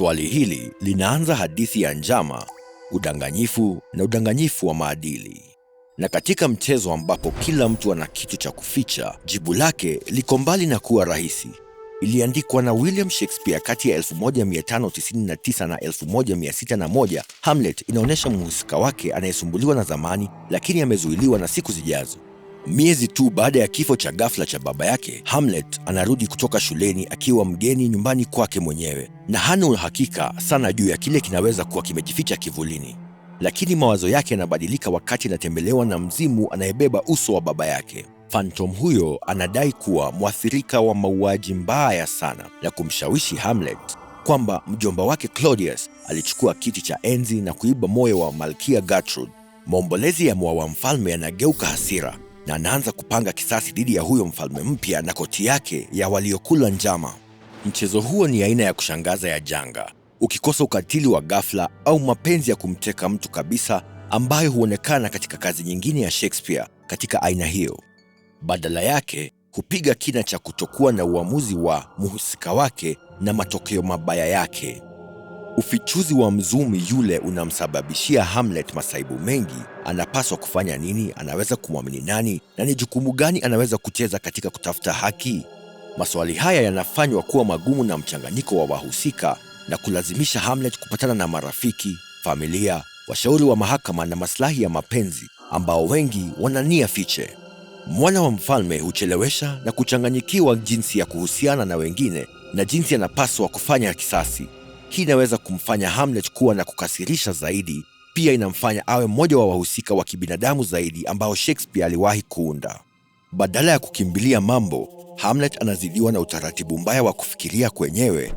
Swali hili linaanza hadithi ya njama, udanganyifu na udanganyifu wa maadili. Na katika mchezo ambapo kila mtu ana kitu cha kuficha, jibu lake liko mbali na kuwa rahisi. Iliandikwa na William Shakespeare kati ya 1599 na 1601. Hamlet inaonyesha mhusika wake anayesumbuliwa na zamani, lakini amezuiliwa na siku zijazo. Miezi tu baada ya kifo cha ghafla cha baba yake, Hamlet anarudi kutoka shuleni akiwa mgeni nyumbani kwake mwenyewe, na hana uhakika sana juu ya kile kinaweza kuwa kimejificha kivulini. Lakini mawazo yake yanabadilika wakati anatembelewa na mzimu anayebeba uso wa baba yake. Phantom huyo anadai kuwa mwathirika wa mauaji mbaya sana na kumshawishi Hamlet kwamba mjomba wake Claudius alichukua kiti cha enzi na kuiba moyo wa Malkia Gertrude. Maombolezi ya mwa wa mfalme yanageuka hasira na anaanza kupanga kisasi dhidi ya huyo mfalme mpya na koti yake ya waliokula njama. Mchezo huo ni aina ya kushangaza ya janga, ukikosa ukatili wa ghafla au mapenzi ya kumteka mtu kabisa, ambayo huonekana katika kazi nyingine ya Shakespeare katika aina hiyo. Badala yake hupiga kina cha kutokuwa na uamuzi wa mhusika wake na matokeo mabaya yake. Ufichuzi wa mzumi yule unamsababishia Hamlet masaibu mengi. Anapaswa kufanya nini? Anaweza kumwamini nani? Na ni jukumu gani anaweza kucheza katika kutafuta haki? Maswali haya yanafanywa kuwa magumu na mchanganyiko wa wahusika na kulazimisha Hamlet kupatana na marafiki, familia, washauri wa mahakama na maslahi ya mapenzi ambao wengi wanania fiche. Mwana wa mfalme huchelewesha na kuchanganyikiwa jinsi ya kuhusiana na wengine na jinsi anapaswa kufanya kisasi. Hii inaweza kumfanya Hamlet kuwa na kukasirisha zaidi. Pia inamfanya awe mmoja wa wahusika wa kibinadamu zaidi ambao Shakespeare aliwahi kuunda. Badala ya kukimbilia mambo, Hamlet anazidiwa na utaratibu mbaya wa kufikiria kwenyewe,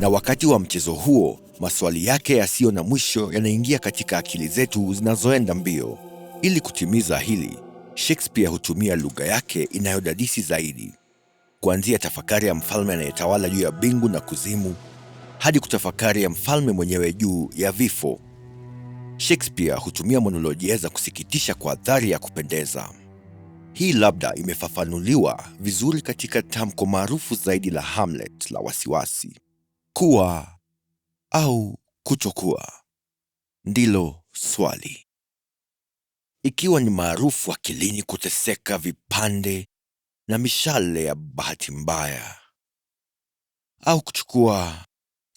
na wakati wa mchezo huo maswali yake yasiyo na mwisho yanaingia katika akili zetu zinazoenda mbio. Ili kutimiza hili, Shakespeare hutumia lugha yake inayodadisi zaidi, kuanzia tafakari ya mfalme anayetawala juu ya bingu na kuzimu hadi kutafakari ya mfalme mwenyewe juu ya vifo. Shakespeare hutumia monolojia za kusikitisha kwa athari ya kupendeza. Hii labda imefafanuliwa vizuri katika tamko maarufu zaidi la Hamlet la wasiwasi, kuwa au kutokuwa ndilo swali. Ikiwa ni maarufu akilini kuteseka vipande na mishale ya bahati mbaya, au kuchukua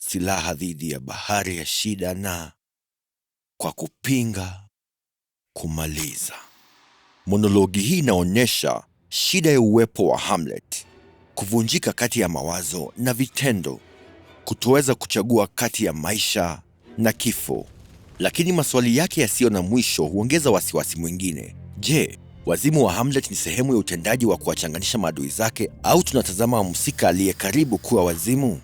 silaha dhidi ya bahari ya shida na kwa kupinga kumaliza. Monologi hii inaonyesha shida ya uwepo wa Hamlet, kuvunjika kati ya mawazo na vitendo, kutoweza kuchagua kati ya maisha na kifo. Lakini maswali yake yasiyo na mwisho huongeza wasiwasi mwingine. Je, wazimu wa Hamlet ni sehemu ya utendaji wa kuwachanganisha maadui zake, au tunatazama mhusika aliye karibu kuwa wazimu?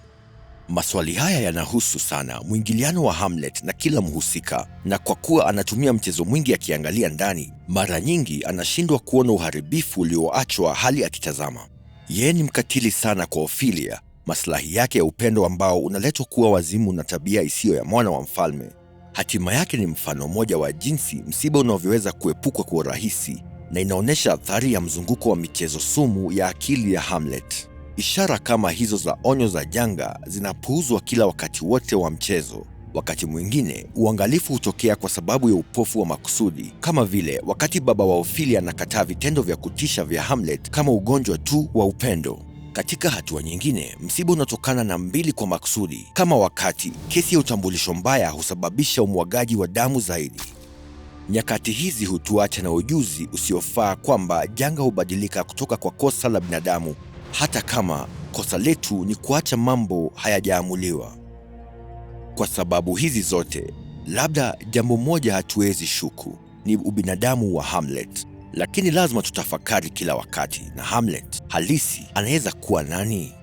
Maswali haya yanahusu sana mwingiliano wa Hamlet na kila mhusika, na kwa kuwa anatumia mchezo mwingi akiangalia ndani, mara nyingi anashindwa kuona uharibifu ulioachwa hali akitazama. Yeye ni mkatili sana kwa Ophelia, maslahi yake ya upendo ambao unaletwa kuwa wazimu na tabia isiyo ya mwana wa mfalme. Hatima yake ni mfano mmoja wa jinsi msiba unavyoweza kuepukwa kwa urahisi, na inaonyesha athari ya mzunguko wa michezo sumu ya akili ya Hamlet. Ishara kama hizo za onyo za janga zinapuuzwa kila wakati wote wa mchezo. Wakati mwingine uangalifu hutokea kwa sababu ya upofu wa makusudi, kama vile wakati baba wa Ophelia anakataa vitendo vya kutisha vya Hamlet kama ugonjwa tu wa upendo. Katika hatua nyingine, msiba unatokana na mbili kwa makusudi, kama wakati kesi ya utambulisho mbaya husababisha umwagaji wa damu zaidi. Nyakati hizi hutuacha na ujuzi usiofaa kwamba janga hubadilika kutoka kwa kosa la binadamu hata kama kosa letu ni kuacha mambo hayajaamuliwa. Kwa sababu hizi zote, labda jambo moja hatuwezi shuku ni ubinadamu wa Hamlet, lakini lazima tutafakari kila wakati, na Hamlet halisi anaweza kuwa nani?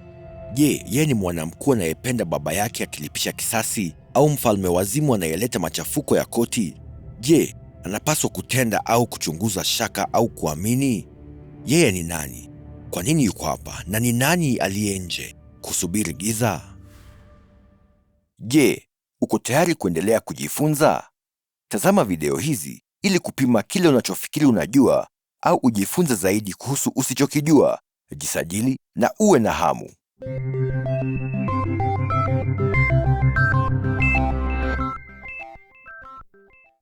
Je, yeye ni mwanamkuu anayependa baba yake akilipisha kisasi, au mfalme wazimu anayeleta machafuko ya koti? Je, anapaswa kutenda au kuchunguza shaka au kuamini? Yeye ni nani kwa nini yuko hapa na ni nani aliye nje kusubiri giza? Je, uko tayari kuendelea kujifunza? Tazama video hizi ili kupima kile unachofikiri unajua au ujifunze zaidi kuhusu usichokijua. Jisajili na uwe na hamu.